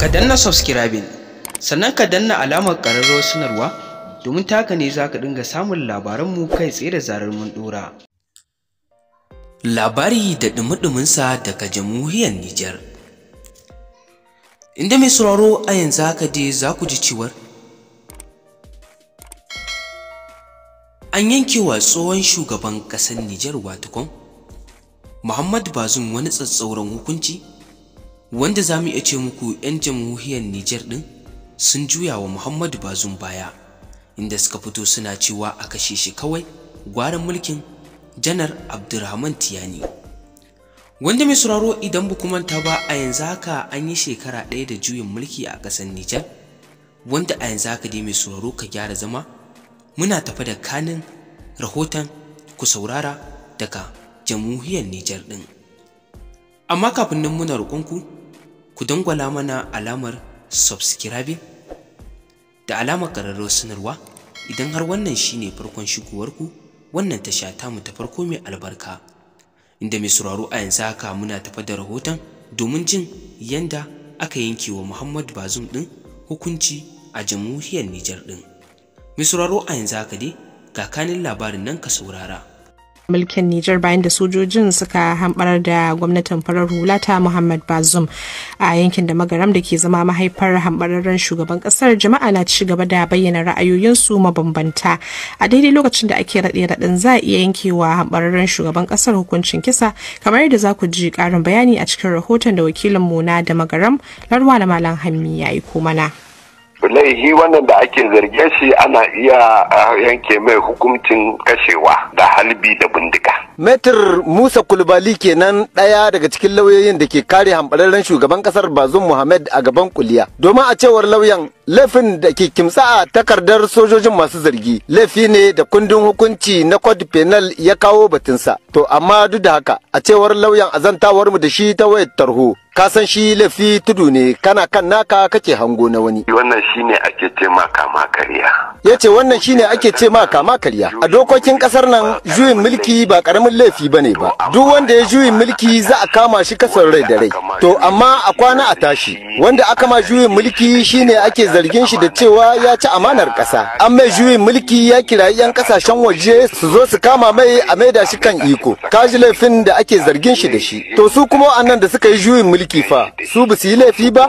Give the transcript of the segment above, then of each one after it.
ka danna subscribing sannan ka danna alamar ƙararrawar sanarwa domin taka ne za ka dinga samun labaranmu kai tsaye da zarar mun dora labari da dumi-duminsa daga jamhuriyar Nijar inda mai sauraro a yanzu haka dai za ku ji cewar an yanke wa tsohon shugaban ƙasar Nijar watukon Muhammad Bazum wani tsatsauran hukunci wanda za mu iya ce muku 'yan jamhuriyar Nijar ɗin sun juya wa Muhammadu Bazum baya inda suka fito suna cewa a kashe shi kawai gwaran mulkin janar Abdurrahman Tiyani wanda mai sauraro idan kuma ta ba a yanzu haka an yi shekara ɗaya da juyin mulki a ƙasar Nijar wanda a yanzu haka dai mai sauraro ka gyara zama muna tafa da kanin rahoton ku saurara daga jamhuriyar Nijar ɗin amma kafin nan muna roƙonku ku dangwala mana alamar subscribe da alamar ƙararrawar sanarwa idan har wannan shine farkon shigowarku wannan tasha mu ta farko mai albarka inda mai sauraro a yanzu haka muna tafa da rahoton domin jin yanda aka yanke wa Muhammad Bazum ɗin hukunci a jamhuriyar Nijar ɗin. Mai sauraro a yanzu haka dai ga kanin labarin nan ka saurara. mulkin Nijar bayan da sojojin suka hambar da gwamnatin farar hula ta Muhammad Bazoum a yankin da magaram da ke zama mahaifar hambararren shugaban kasar jama'a na ci gaba da bayyana ra'ayoyinsu mabambanta a daidai lokacin da ake raɗe raɗin za a iya yankewa hambararren shugaban kasar hukuncin kisa kamar yadda za ku ji ƙarin bayani a cikin rahoton da wakilin mu na da magaram larwa na malam hammi ya yi aiko mana. laihi wannan da ake zarge shi ana iya yanke mai hukuncin kashewa da halbi da bindiga. Metir Musa Kulbali kenan ɗaya daga cikin lauyoyin da ke kare hambararren shugaban kasar Bazum Muhammad a gaban kuliya. Domin a cewar lauyan laifin da ke kimsa a takardar sojojin masu zargi laifi ne da kundin hukunci na kod penal ya kawo batunsa. To amma duk da haka a cewar lauyan azantawar mu da shi ta wayar tarho ka san shi laifi tudu ne kana kan naka kake hango na wani wannan shine ake ce ma kama kariya yace wannan shine ake ce ma kama karya a dokokin kasar nan juyin mulki ba karamin laifi bane ba duk wanda ya juyin mulki za a kama shi kasar rai da rai to amma a kwana a tashi wanda aka ma juyin mulki shine ake zargin shi da cewa ya ci amanar kasa an mai juyin mulki ya kirayi yan kasashen waje su zo su kama mai a maida shi kan iko kaji laifin da ake zargin shi da shi to su kuma annan da suka yi juyin mulki mulki fa su ba su yi laifi ba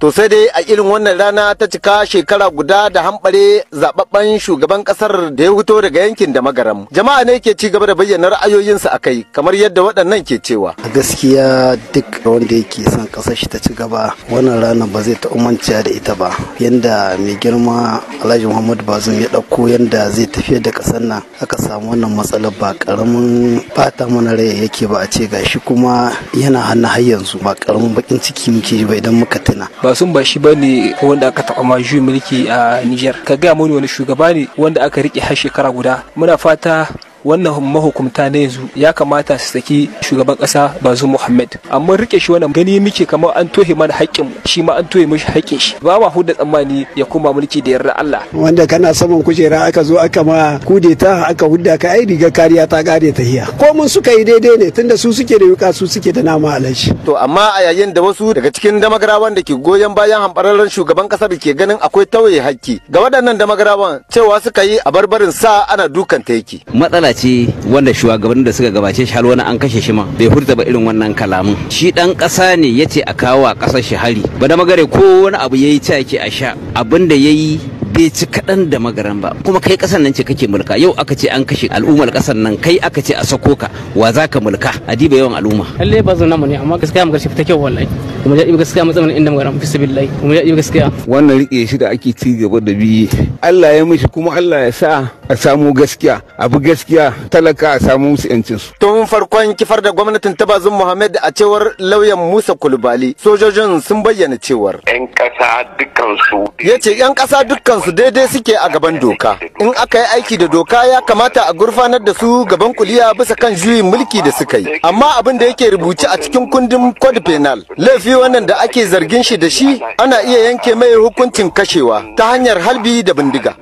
to sai dai a irin wannan rana ta cika shekara guda da hambare zababben shugaban kasar da ya fito daga yankin da magaram jama'a ne ke ci gaba da bayyana a akai kamar yadda waɗannan ke cewa a gaskiya duk wanda yake son kasar shi ta ci gaba wannan rana ba zai ta umanciya da ita ba yanda mai girma Alhaji Muhammad Bazum ya ɗauko yanda zai tafiyar da kasar nan aka samu wannan matsalar ba karamin fata mana rai yake ba a ce gashi kuma yana hannun har yanzu ba karamin bakin ciki muke ba idan muka tuna ba sun ba shi bane wanda aka taba ma juyin mulki a Niger ka ga mu wani shugaba ne wanda aka rike har shekara guda muna fata wannan mahukumta na yanzu ya kamata su saki shugaban kasa bazu muhammad amma rike shi wannan gani muke kamar an tohe mana haƙƙin shi ma an tohe mishi haƙƙin shi ba ma huda tsammani ya koma mulki da yarda Allah wanda kana saman kujera aka zo aka ma kudeta aka hudda ka ai riga kariya ta kare ta hiya ko mun suka yi daidai ne tunda su suke da yuka su suke da nama alashi to amma a yayin da wasu daga cikin damagarawan da ke goyon bayan hanbararren shugaban kasar ke ganin akwai tauye haƙƙi ga waɗannan damagarawan cewa suka yi a barbarin sa ana dukan ta yake matsala ce wanda shugabannin da suka gabace shi har wani an kashe shi ma bai hurta ba irin wannan kalamun shi dan kasa ne yace a kawo a kasar shi hari ba da magare ko wani abu yayi ta yake a sha abin da yayi bai ci kaɗan da magaran ba kuma kai ƙasar nan ce kake mulka yau aka ce an kashe al'ummar ƙasar nan kai aka ce a sako ka wa za ka mulka adiba yawan al'umma lallai ba zo namu ne amma gaskiya mu gashi ta kyau wallahi kuma jaɗi gaskiya matsalar inda magana fi lai kuma jaɗi gaskiya wannan rike shi da ake ci gaba da biye Allah ya mishi kuma Allah ya sa a samu gaskiya abu gaskiya talaka a samu musu yancin su tun farkon kifar da gwamnatin bazin Muhammad a cewar lauyan Musa Kulubali sojojin sun bayyana cewar yan kasa dukkan su ce yan kasa dukkan su daidai suke a gaban doka in aka yi aiki da doka ya kamata a gurfanar da su gaban kuliya bisa kan juyin mulki da suka yi amma abin da yake rubuce a cikin kundin code penal laifi wannan da ake zargin shi da shi ana iya yanke mai hukuncin kashewa ta hanyar halbi da bindiga.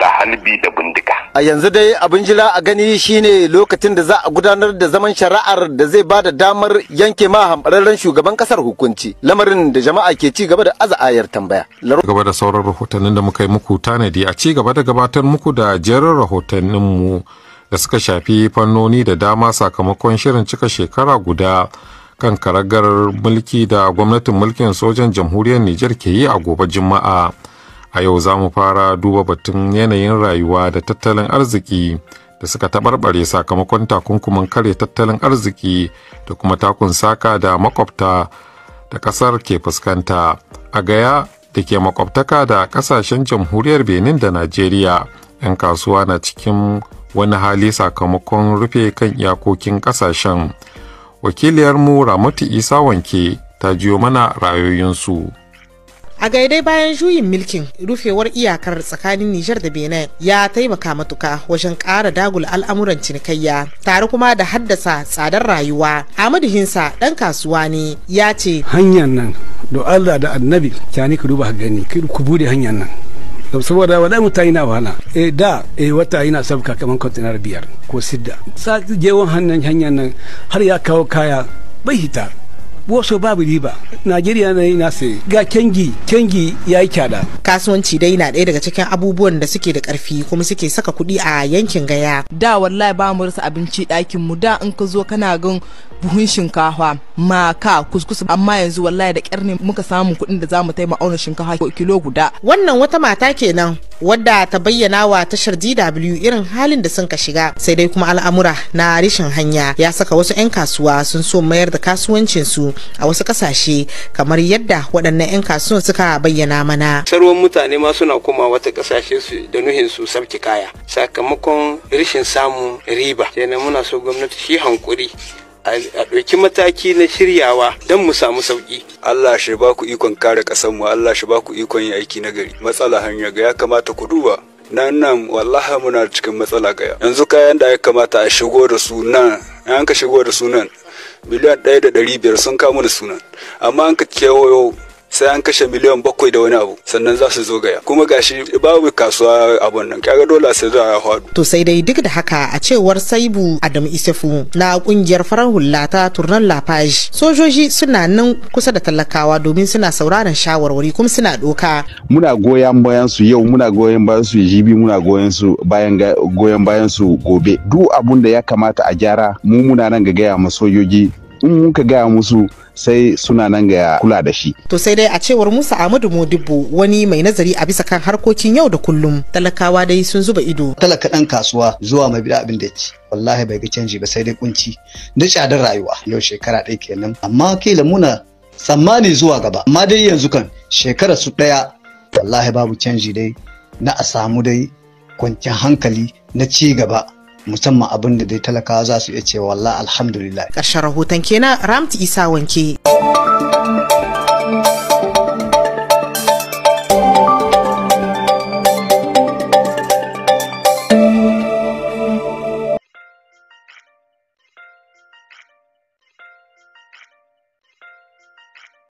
A yanzu dai abin jira a gani shine lokacin da za a gudanar da zaman shari'ar da zai ba da damar yanke ma hambararren shugaban kasar hukunci. Lamarin da jama'a ke ci gaba da aza'ayar tambaya. Gaba da sauran rahotannin da muka yi muku tanadi a ci gaba da gabatar muku da jerin mu da suka shafi fannoni da dama sakamakon shirin cika shekara guda. kan karagar mulki da gwamnatin mulkin sojan jamhuriyar Nijar ke yi a gobe Juma'a. A yau za mu fara duba batun yanayin rayuwa da tattalin arziki da suka taɓarɓare sakamakon takunkuman kare tattalin arziki da kuma takun saka da makwabta da ƙasar ke fuskanta a gaya da ke makwabtaka da ƙasashen jamhuriyar Benin da Najeriya. 'Yan kasuwa na cikin wani hali sakamakon rufe kan iyakokin ƙasashen. wakiliyarmu ramatu isa wanke ta jiyo mana rayoyinsu a gaidai bayan juyin milkin rufewar iyakar tsakanin Nijar da Benin ya taimaka matuka wajen kara dagula al'amuran cinikayya tare kuma da haddasa tsadar rayuwa Ahmadu Hinsa ɗan kasuwa ne ya ce hanyar nan da Allah da annabi kyani ka duba gani ku bude hanyar nan saboda wadai yi na wahala e da e wata yana sabka kamar kwantinar biyar ko sidda sa jewon hannun hanyar nan har ya kawo kaya bai hita wasu babu riba najeriya na yi nasu ga kengi kengi ya yi kyada kasuwanci dai na ɗaya daga cikin abubuwan da suke da karfi kuma suke saka kuɗi a yankin gaya da wallahi ba mu rasa abinci ɗakin mu da in ka zo kana gan buhun shinkafa maka kuskus amma yanzu wallahi da ƙyar ne muka samu kuɗin da za mu taima auna shinkafa kilo guda wannan wata mata kenan wadda ta bayyana wa tashar DW irin halin da sun ka shiga sai dai kuma al'amura na rashin hanya ya saka wasu 'yan kasuwa sun so mayar da kasuwancin su a wasu kasashe kamar yadda waɗannan 'yan kasuwa suka bayyana mana. Sarwan mutane ma suna koma wata kasashe su da nuhin su sabki kaya sakamakon rashin samun riba. Kenan muna so gwamnati shi hankuri a ɗauki mataki na shiryawa don mu samu sauƙi. Allah shi ba ku ikon kare mu Allah shi ba ku ikon yin aiki na gari. Matsala hanya ga ya kamata ku duba. Nan nan wallaha muna cikin matsala gaya. Yanzu kayan da ya kamata a shigo da su nan an ka shigo da sunan miliyan ɗaya da ɗari biyar sun kamo da sunan amma an ka kewayo sai an kashe miliyan bakwai da wani abu sannan za su zo gaya kuma gashi babu kasuwa abun nan kaga dole sai za a hadu to sai dai duk da haka a cewar saibu adam isafu na kungiyar farar hula ta turnan lafaji sojoji suna nan kusa da talakawa domin suna sauraron shawarwari kuma suna doka muna goyon bayan su yau muna goyon bayan su jibi muna goyon su bayan goyon bayan su gobe duk abun da ya kamata a gyara mu muna nan ga gaya ma sojoji in muka gaya musu sai suna nan ga kula da shi. To sai dai a cewar Musa Ahmadu Modibo wani mai nazari a bisa kan harkokin yau da kullum talakawa dai sun zuba ido. Talaka ɗan kasuwa zuwa mai bida abin da ci. Wallahi bai ga canji ba sai dai kunci da tsadar rayuwa yau shekara ɗaya kenan amma kila muna tsammani zuwa gaba amma dai yanzu kan shekara su ɗaya wallahi babu canji dai na a samu dai kwanciyar hankali na ci gaba musamman abin da dai talakawa za su iya cewa wallah alhamdulillah ƙarshen rahoton kenan ramti isa wanke